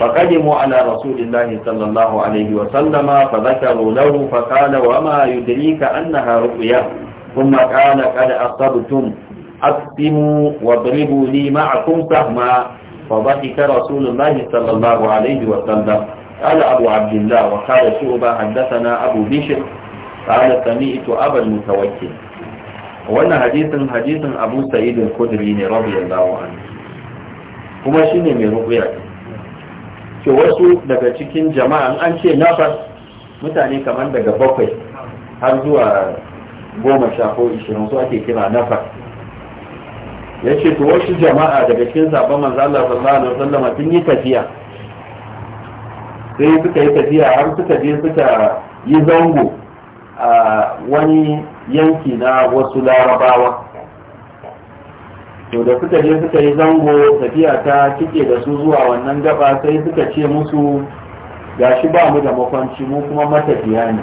Speaker 1: فقدموا على رسول الله صلى الله عليه وسلم فذكروا له فقال وما يدريك أنها رؤيا ثم قال قد أصبتم أقسموا واضربوا لي معكم سهما فضحك رسول الله صلى الله عليه وسلم قال أبو عبد الله وقال شعبة حدثنا أبو بشر قال سمعت أبا المتوكل wannan hadisin hadisin abu sa'id al-khudri ne radiyallahu anhu kuma shine mai rubuya ke wasu daga cikin jama'a an ce nafas mutane kamar daga bakwai har zuwa goma sha ko ishirin su ake kira nafas ya ce to wasu jama'a daga cikin sabon manzo Allah sallallahu alaihi wasallam sun yi tafiya sai suka yi tafiya har suka je suka yi zango a wani yanki na wasu larabawa to da suka je suka yi zango tafiya ta cike da su zuwa wannan gaba sai suka ce musu gashi ba mu da makwanci mu kuma matafiya ne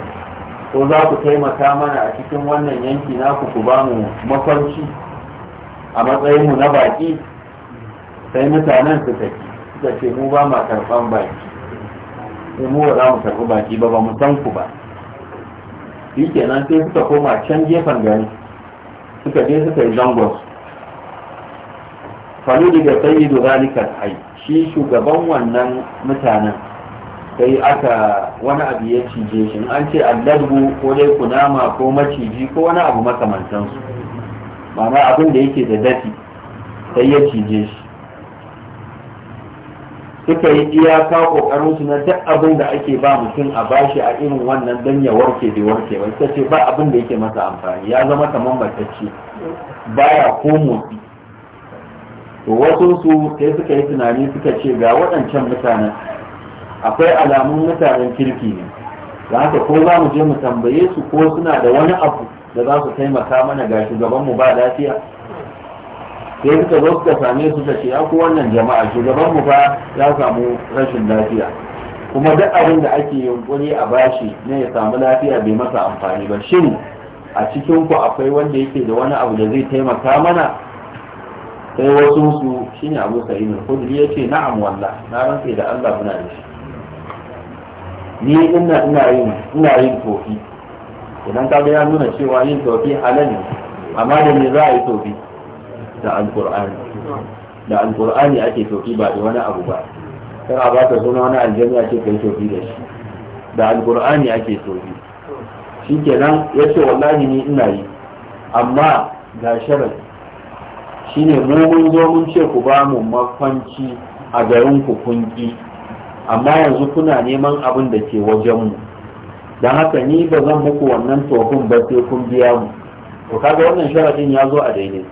Speaker 1: ko za ku taimaka mana a cikin wannan yanki na ku ku ba mu makwanci a matsayinmu na baki sai mutanen su tafi suka ce mu ba ma karɓan baki sai mu ba za mu karɓi baki ba ba mu san ku ba shi kenan sai suka koma can gefen gari suka je suka yi zangon faludi da da zalikar hai shi shugaban wannan mutanen sai aka wani abu ya cije shi an ce alladbu ko dai kunama ko maciji ko wani abu makamantansu ma'ana abin da yake da dafi sai ya cije shi suka yi iyaka kokarin su na duk abin da ake ba mutum a bashi a irin wannan dan ya warke bai warke ba ita ce ba abin da yake masa amfani ya zama kamar matacce baya ko motsi to wasu su sai suka yi tunani suka ce ga waɗancan mutanen akwai alamun mutanen kirki ne da haka ko za mu je mu tambaye su ko suna da wani abu da za su taimaka mana ga shugabanmu ba lafiya sai suka zo suka same su ce ya ku wannan jama'a shugabanmu ba ya samu rashin lafiya kuma duk abin da ake yunkuri a bashi ne ya samu lafiya bai masa amfani ba shin a cikin ku akwai wanda yake da wani abu da zai taimaka mana sai wasu su ne Abu sa'in al-Khudri ce na'am wallah na rantsa da Allah muna da shi ni ina ina yin ina yin tofi idan ka ya nuna cewa yin tofi halal ne amma da me za a yi tofi da alqur'ani da alqur'ani ake tofi ba da wani abu ba kar a baka suna wani aljanna ake kai tofi da shi da alqur'ani ake tofi shikenan yace wallahi ni ina yi amma ga sharadi shine mu mun zo mun ce ku ba mu mafanci a garin ku kunki amma yanzu kuna neman abin da ke wajen mu dan haka ni ba zan muku wannan tofin ba sai kun biya mu to kaga wannan sharadin ya zo a daidai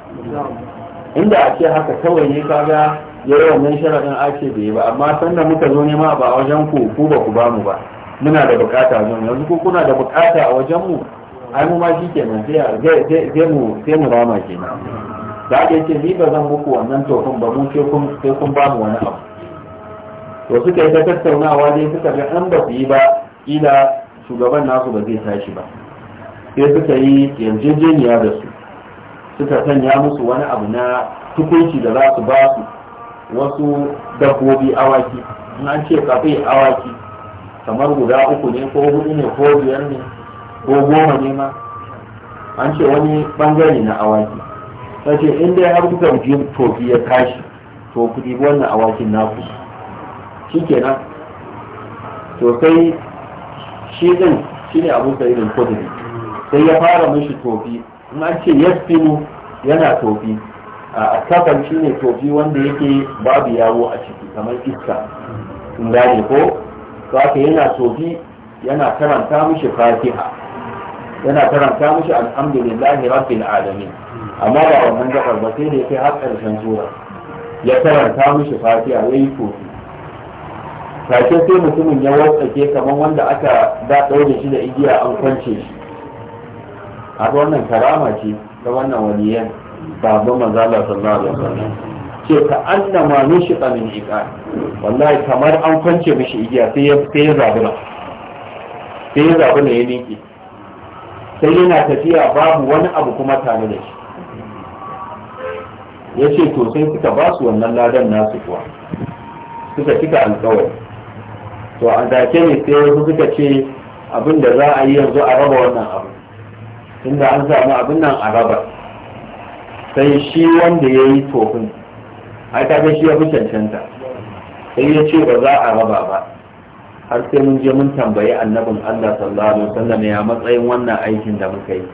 Speaker 1: inda a ce haka kawai ne kaga ya yi wannan sharadin a ce bai ba amma sannan muka zo nema ba a wajen ku ku ba ku ba mu ba muna da bukata wajen yanzu ku. kuna da bukata a wajen mu ai mu ma shi kenan mu sai mu rama kenan da aka ce ni ba zan muku wannan tofin ba mun ce kun ba mu wani abu to suka yi ta tattaunawa dai suka ga an ba su yi ba kila shugaban nasu ba zai tashi ba sai suka yi yarjejeniya da su suka sanya musu wani abu na tukunci da za su ba su wasu dabbobi awaki in an ce kafai awaki kamar guda uku ne ko hudu ne ko biyar ne ko goma ne ma an ce wani bangare na awaki Sace inda in dai har kuka ji tofi ya tashi to ku ɗibi wannan awakin naku shi kenan to sai shi ɗin shi ne abin sa irin kudiri sai ya fara mishi tofi in an ce yasfinu yana tofi a kafan shi ne tofi wanda yake babu yawo a ciki kamar iska in gane ko to haka yana tofi yana karanta mishi fatiha yana karanta mishi alhamdulillahi rabbil alamin amma ba wannan gabar ba sai da ya kai har ƙarshen sura ya karanta mishi fatiha ya yi kofi take sai mutumin ya wasake kamar wanda aka da ɗaure shi da igiya an kwance shi a wannan karama ce ta wannan yan babu manzala sallallahu alaihi wasallam ce ka annama nushi min iqa wallahi kamar an kwance mishi igiya sai ya sai ya zabura sai ya zabura ya miƙe sai yana tafiya babu wani abu kuma tare da shi ya ce to sai suka ba su wannan ladan nasu kuwa suka cika alkawari to a dake ne sai wasu suka ce abin da za a yi yanzu a raba wannan abu inda an samu abin nan a raba sai shi wanda ya yi tofin ai ta shi ya fi cancanta sai ya ce ba za a raba ba har sai mun je mun tambayi annabin Allah sallallahu alaihi wasallam ya matsayin wannan aikin da muka yi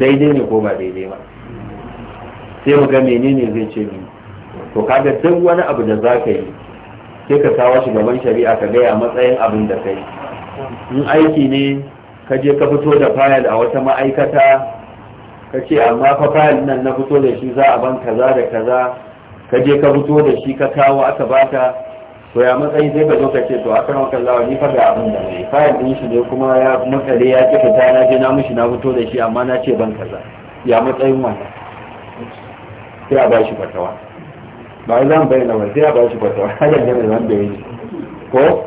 Speaker 1: daidai ne ko ba daidai ba sai mu ga menene zai ce mu to kaga duk wani abu da za ka yi sai ka kawo shi gaban shari'a ka gaya matsayin abin da kai in aiki ne ka je ka fito da fayil a wata ma'aikata ka ce amma fa fayil nan na fito da shi za a ban kaza da kaza ka je ka fito da shi ka kawo aka baka to ya matsayi sai ka zo ka ce to aka rawa kallawa ni fa ga abin da mai fayil din shi ne kuma ya makale ya ki fita na je na mishi na fito da shi amma na ce ban kaza ya matsayin wannan sai a bashi fatawa ba za mu bayyana ba sai a bashi fatawa (laughs) hakan da zan da yi ko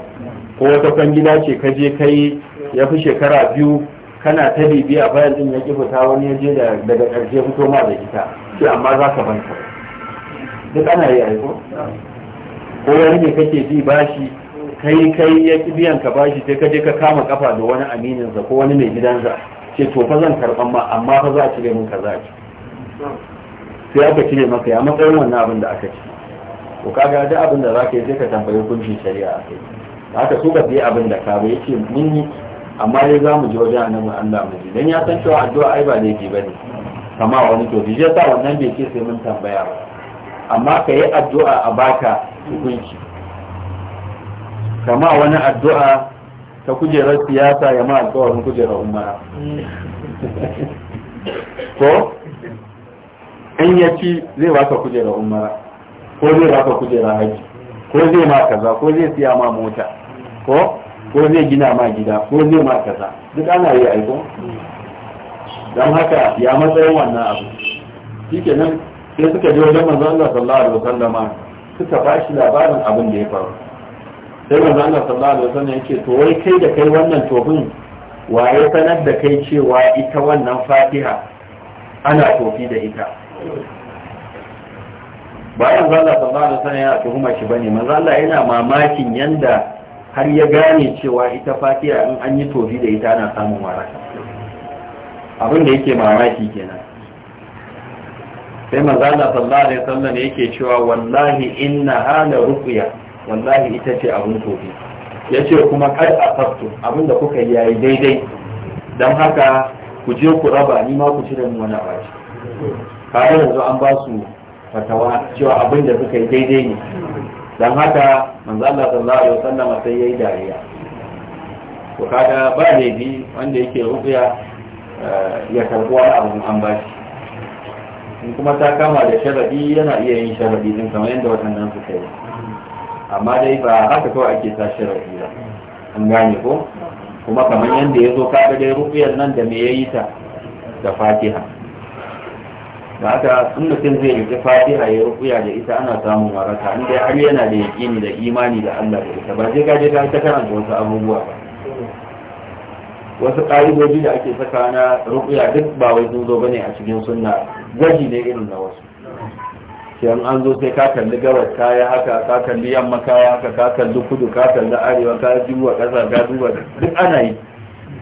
Speaker 1: ko wata kwangila ce ka je kai ya fi shekara biyu kana ta bibiya bayan din ya ki fita wani ya je daga ƙarshe fito ma da ita sai amma za ka banta duk ana yi aiko ko wani ne kake ji bashi kai kai ya ki biyan ka bashi sai ka je ka kama kafa da wani amininsa ko wani mai gidansa ce to fa zan karɓan ma amma fa za a cire min kaza ki? sai aka cire maka ya matsayin wannan abin da aka ci ka ga da abin da za ka yi sai ka tambayi hukuncin shari'a kai haka su ka bi abin da ka bai ce mun yi amma dai za mu ji wajen annabi Allah mu ji dan ya san cewa addu'a ai ba laifi bane kama wani to bijiyar sa wannan bai ce sai mun tambaya ba amma ka yi addu'a a baka hukunci kama wani addu'a ta kujerar siyasa ya ma alƙawarin kujerar umara mm.
Speaker 2: (laughs) ko
Speaker 1: in ya ci zai baka kujera umara ko zai baka kujera haji ko zai ma kaza ko zai siya ma mota ko ko zai gina ma gida ko zai ma kaza duk ana yi aiko don haka ya matsayin wannan abu shikenan sai suka je wajen manzo Allah sallallahu alaihi wasallama suka ba shi labarin abin da ya faru sai manzo Allah sallallahu alaihi wasallam yake to wai kai da kai wannan tofin waye sanar da kai cewa ita wannan Fatiha ana tofi da ita bayan zalla sallallahu alaihi wasallam yana tuhuma shi bane manzo Allah yana mamakin yanda har ya gane cewa ita fatiha in an yi tobi da ita ana samun waraka abin da yake mamaki kenan sai maza Allah sallallahu ya wasallam yake cewa wallahi inna Hana, ruqya wallahi ita ce abin tofi ce kuma kai a abin da kuka yi yayi daidai don haka ku je ku raba ni ma ku da wani abaci kaga yanzu an ba su fatawa cewa abin da suka yi daidai ne don haka manzo Allah sallallahu alaihi wasallam sai yayi dariya to kada ba ne bi wanda yake rubuya eh, ya karbi wani abu an ba shi in kuma ta kama da sharadi yana iya yin sharadi din kamar yadda waɗannan suka yi amma dai ba haka kawai ake sa sharadi ba an gane ko kuma kamar yadda ya zo kaga dai rubiyar nan da me yayi ta da fatiha da haka in mutum zai rike fatiha ya rukuya da ita ana samun waraka in dai har yana da yaƙini da imani da Allah da ita ba sai ka je ka ta karanta wasu abubuwa ba wasu ƙa'idoji da ake saka na rukuya duk ba wai sun zo bane a cikin sunna gwaji ne irin na wasu sai an zo sai ka kalli gabas kaya haka ka kalli yamma kaya haka ka kalli kudu ka kalli arewa ka duba ƙasa ka duba duk ana yi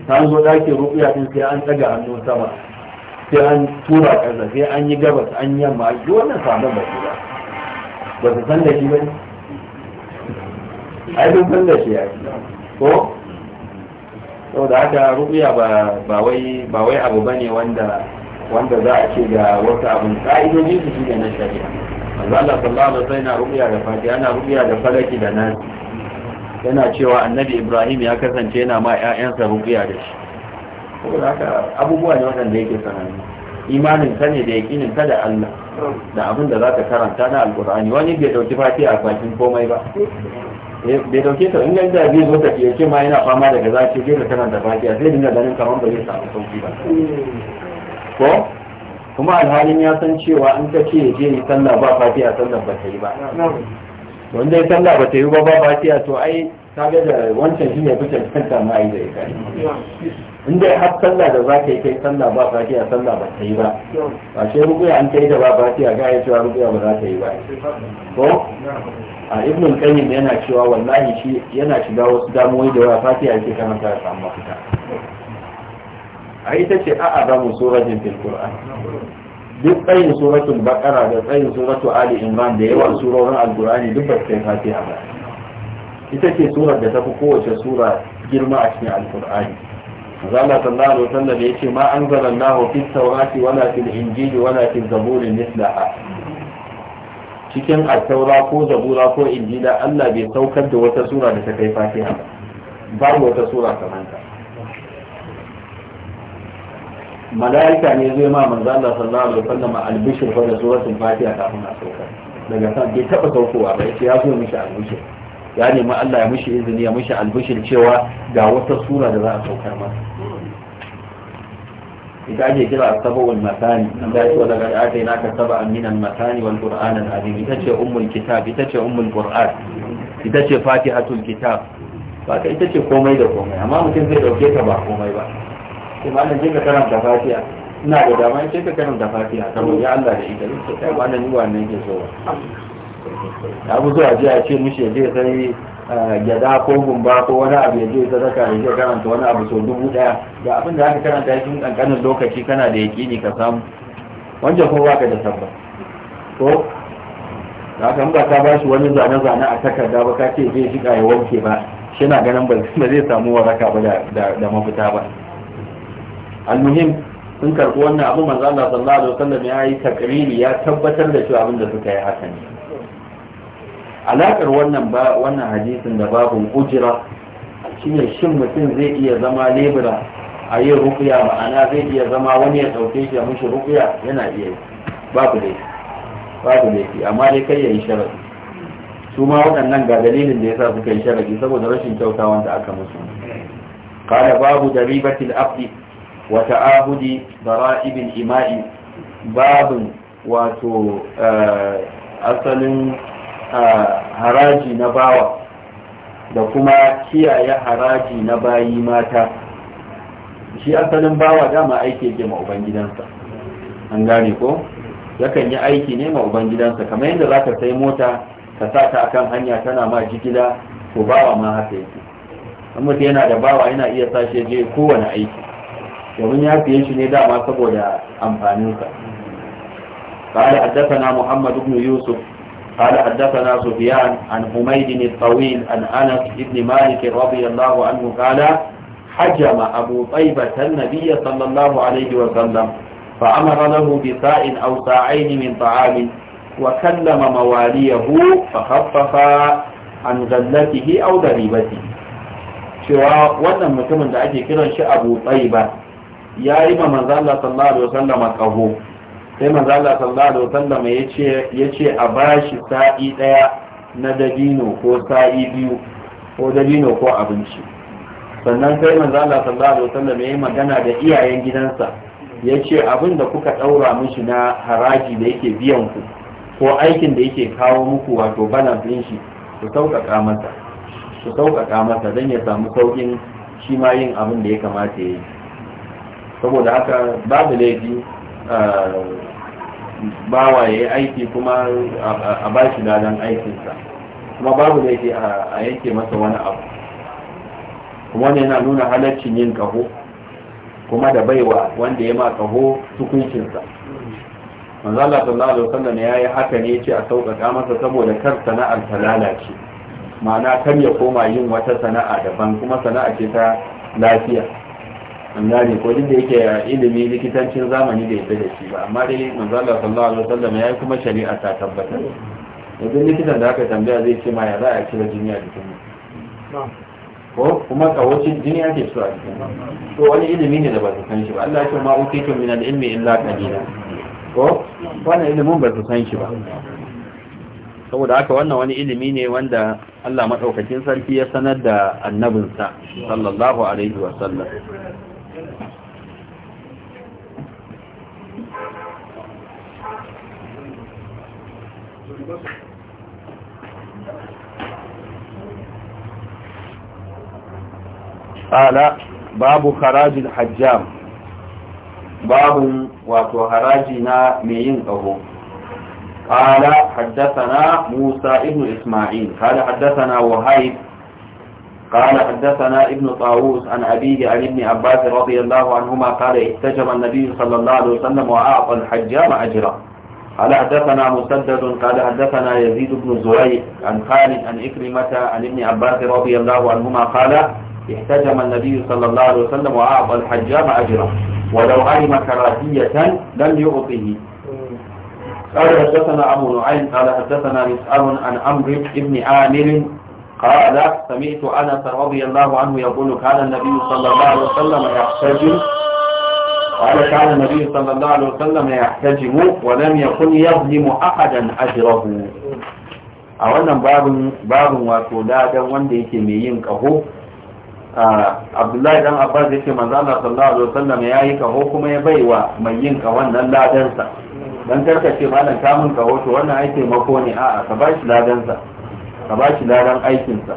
Speaker 1: ta zo ɗakin rukuya din sai an ɗaga hannu sama sai an tura ƙasa sai an yi gabas an yamma a yi wannan sabon ba ba ba su san da shi ba ne ai sun san da shi ya yi, ko sau da haka rubuya ba wai abu ba ne wanda za a ce ga wasu abin ƙa'idojin su shi da na shari'a manzo Allah sallallahu alaihi wasallam yana rubuya da fati yana rubuya da falaki da nasi yana cewa annabi Ibrahim ya kasance yana ma 'ya'yansa rubuya da shi saboda haka abubuwa ne waɗanda yake sanannu imanin ka ne da yakinin ka da Allah da abin da zaka karanta na alkur'ani wani bai dauki fati a bakin komai ba eh, bai dauke ta in ganda zai zo tafiya ce ma yana fama daga zafi zai da karanta fatiha zai dinga ganin kamar ba zai samu sauki ba ko kuma alhalin ya san cewa in ka ce je yi sallah ba a sallah ba ta yi ba wanda ya sallah ba ta yi ba ba fatiha to ai ga da wancan shi ne fi kanta ma yi da ya in dai har sallah da za ka yi kai sallah ba fatiha sallah ba ta yi ba ba shi rubuya an kai da ba fatiha ga ya cewa rubuya ba za ta yi ba
Speaker 2: ko a
Speaker 1: ibn qayyim yana cewa wallahi shi yana shiga wasu damuwoyi da yawa fatiya yake kana ta samu mafita a ita ce a azamu suratin fil qur'an duk tsayin suratul baqara da tsayin suratul ali imran da yawan surorin alqur'ani duk ba su kai fatiha ba ita ce surar da ta fi kowace sura girma a cikin alqur'ani zalla sallallahu alaihi ya ce ma anzalallahu fit tawrati wala fil injili wana fil zaburi mislaha cikin a taura ko zabura ko injila Allah bai saukar da wata sura da ta kai fatiha ba babu wata sura kamar ta malaika ne zai ma manzo Allah sallallahu alaihi wasallam albishir fa da suratul fatiha kafin a saukar daga san bai taba saukowa ba yace ya zo mishi albishir ya nemi Allah ya mishi izini ya mishi albishir cewa ga wata sura da za a saukar masa ita ake kira sabawul masani da ita wadda ga ake naka saba minan masani wal qur'an al azim ita ce ummul kitab ita ce ummul qur'an ita ce fatihatul kitab ba ka ita ce komai da komai amma mutum zai dauke ta ba komai ba sai ma je ka karanta fatiha ina da dama ce ka karanta fatiha kamar ya Allah da ita ce kai wannan yi wannan ke so ya abu zuwa jiya, ce mishi zai sai gyada ko gumba ko wani abu ya zai sadaka ya je karanta wani abu sau dubu daya ga abin da aka karanta cikin kankanin lokaci kana da yaƙini ka samu wancan ko baka da sabba ko da aka ba ka bashi wani zane-zane a takarda ba ka ce zai shiga ya wanke ba shi na ganin ba zai samu waraka ba da mafita ba almuhim sun karɓi wannan abu manzo Allah sallallahu alaihi wasallam ya yi takriri ya tabbatar da cewa abin da suka yi haka ne alaƙar wannan ba wannan hadisin da babu ujira shine shin mutum zai iya zama lebura a yin rukuya ma'ana zai iya zama wani ya ɗauke shi ya mishi rukuya yana iya yi babu dai babu dai amma dai kai yayi yi sharadi su ma waɗannan ga dalilin da yasa suka yi sharadi saboda rashin kyauta da aka musu qala babu daribatil abdi wa ta'ahudi Bara'ibin ima'i babu wato eh, asalin haraji na bawa da kuma kiyaye haraji na bayi mata shi asalin bawa dama aiki yake ma ubangidansa an gane ko yakan yi aiki ne ma ubangidansa kamar yadda za ka sai mota ka sa ta akan hanya tana ma jigila ko bawa ma haka yake an mutu yana da bawa yana iya sashe je kowane aiki domin ya fiye shi ne dama saboda amfaninsa قال حدثنا محمد بن يوسف قال حدثنا سفيان عن حميد الطويل عن أنس بن مالك رضي الله عنه قال حجم أبو طيبة النبي صلى الله عليه وسلم فأمر له بساء أو ساعين من طعام وكلم مواليه فخفف عن غلته أو ضريبته cewa wannan mutumin da ake kiran shi abu tsaiba ya yi ma manzala sallallahu alaihi wasallam kaho sai manzo Allah sallallahu alaihi wasallam yace yace a bashi sa'i daya na dabino ko sa'i biyu ko dabino ko abinci sannan sai manzo Allah sallallahu alaihi wasallam yayi magana da iyayen gidansa yace abin da kuka daura mishi na haraji da yake biyan ku ko aikin da yake kawo muku wato bana din shi ku sauƙaƙa masa ku sauƙaƙa masa don ya samu sauƙin shi ma yin abin da ya kamata ya yi saboda haka babu laifi ah, bawa ya yi aiki kuma a ba shi ladan aikinsa kuma babu da yake a yanke masa wani abu kuma wani yana nuna halaccin yin kaho kuma da baiwa wanda ya ma kaho tukuncinsa manzo Allah sallallahu alaihi ya yi haka ne yace a sauƙaƙa masa saboda kar sana'ar ta lalace ma'ana kar ya koma yin wata sana'a daban kuma sana'a ce ta lafiya annabi ko din da yake ilimi likitancin zamani da yake da shi ba amma dai manzo Allah sallallahu alaihi wasallam yayi kuma shari'a ta tabbata. idan likitan da aka tambaya zai ce ma ya za a kira jini a jikin ko kuma kawocin jini ake so a jikin to wani ilimi ne da ba su san shi ba Allah ya ce ma ukitu min al-ilmi illa qalila ko wannan ilimin ba su san shi ba saboda haka wannan wani ilimi ne wanda Allah madaukakin sarki ya sanar da annabinsa sallallahu alaihi wasallam قال باب خراج الحجام باب واتو خراجنا مين قهو قال حدثنا موسى ابن إسماعيل قال حدثنا وهيب قال حدثنا ابن طاووس عن أبيه عن ابن عباس رضي الله عنهما قال احتجب النبي صلى الله عليه وسلم وأعطى الحجام أجرا قال حدثنا مسدد قال حدثنا يزيد بن زريق عن خالد عن إكرمة عن ابن عباس رضي الله عنهما قال احتجم النبي صلى الله عليه وسلم وأعطى الحجام أجرا ولو علم كراهية لم يعطه قال حدثنا أبو نعيم قال حدثنا مسأل عن عمرو بن عامر قال سمعت أنس رضي الله عنه يقول كان النبي صلى الله عليه وسلم يحتجم قال كان النبي صلى الله عليه وسلم يحتجم ولم يكن يظلم أحدا mu. a wannan babin wato ladan wanda yake mai yin kaho abdullahi dan abbas ya ce manzo Allah sallallahu alaihi wasallam ya yi kaho kuma ya bai wa mai yin kawon nan ladansa dan karkace malam mun kaho to wannan ai taimako ne a'a ka bashi ladansa ka ba shi ladan aikinsa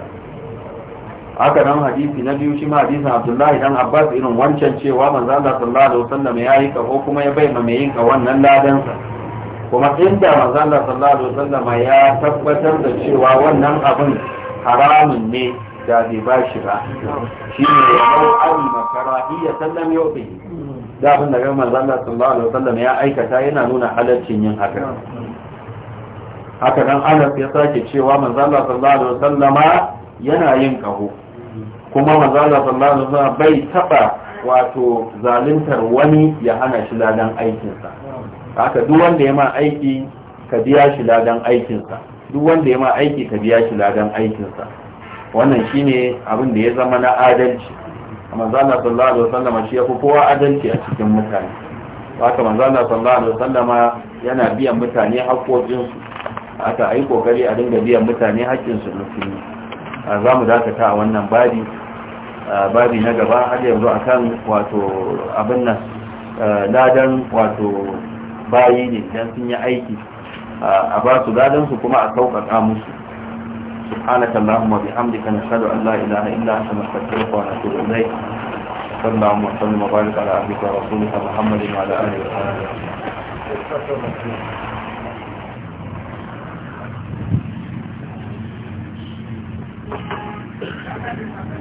Speaker 1: haka nan hadisi na biyu shi ma hadisin abdullahi dan abbas irin wancan cewa manzo Allah sallallahu alaihi wasallam ya yi kaho kuma ya bai ma mai yin wannan ladan ladansa kuma inda manzo Allah sallallahu alaihi wasallam ya tabbatar da cewa wannan abin haramun ne da bai ba shi ba shi ne ya mau an makarahiya sallam yau da abin da ga manzo Allah sallallahu alaihi wasallam ya aikata yana nuna halaccin yin haka haka nan anas ya sake cewa manzala sallallahu alaihi wasallama yana yin kaho kuma manzala sallallahu alaihi wasallama bai taba wato zaluntar wani ya hana shi ladan aikinsa haka duk wanda ya ma aiki ka biya shi ladan aikinsa duk wanda ya ma aiki ka biya shi ladan aikinsa wannan shine abin da ya zama na adalci manzala sallallahu alaihi wasallama shi ya fi kowa adalci a cikin mutane haka manzala sallallahu alaihi wasallama yana biyan mutane haƙƙoƙinsu. aka yi kokari a dinga biyan mutane haƙƙinsu musulmi a za mu dakata a wannan babi babi na gaba har yanzu akan wato abin nan ladan wato bayi ne don sun yi aiki a ba su ladansu kuma a sauƙaƙa musu subhanaka allahumma bihamdika nashhadu an la ilaha illa anta nastaghfiruka wa natubu ilayk sallallahu wa sallam wa barik ala abika wa rasulika muhammadin wa ala alihi wa
Speaker 2: sahbihi Thank you.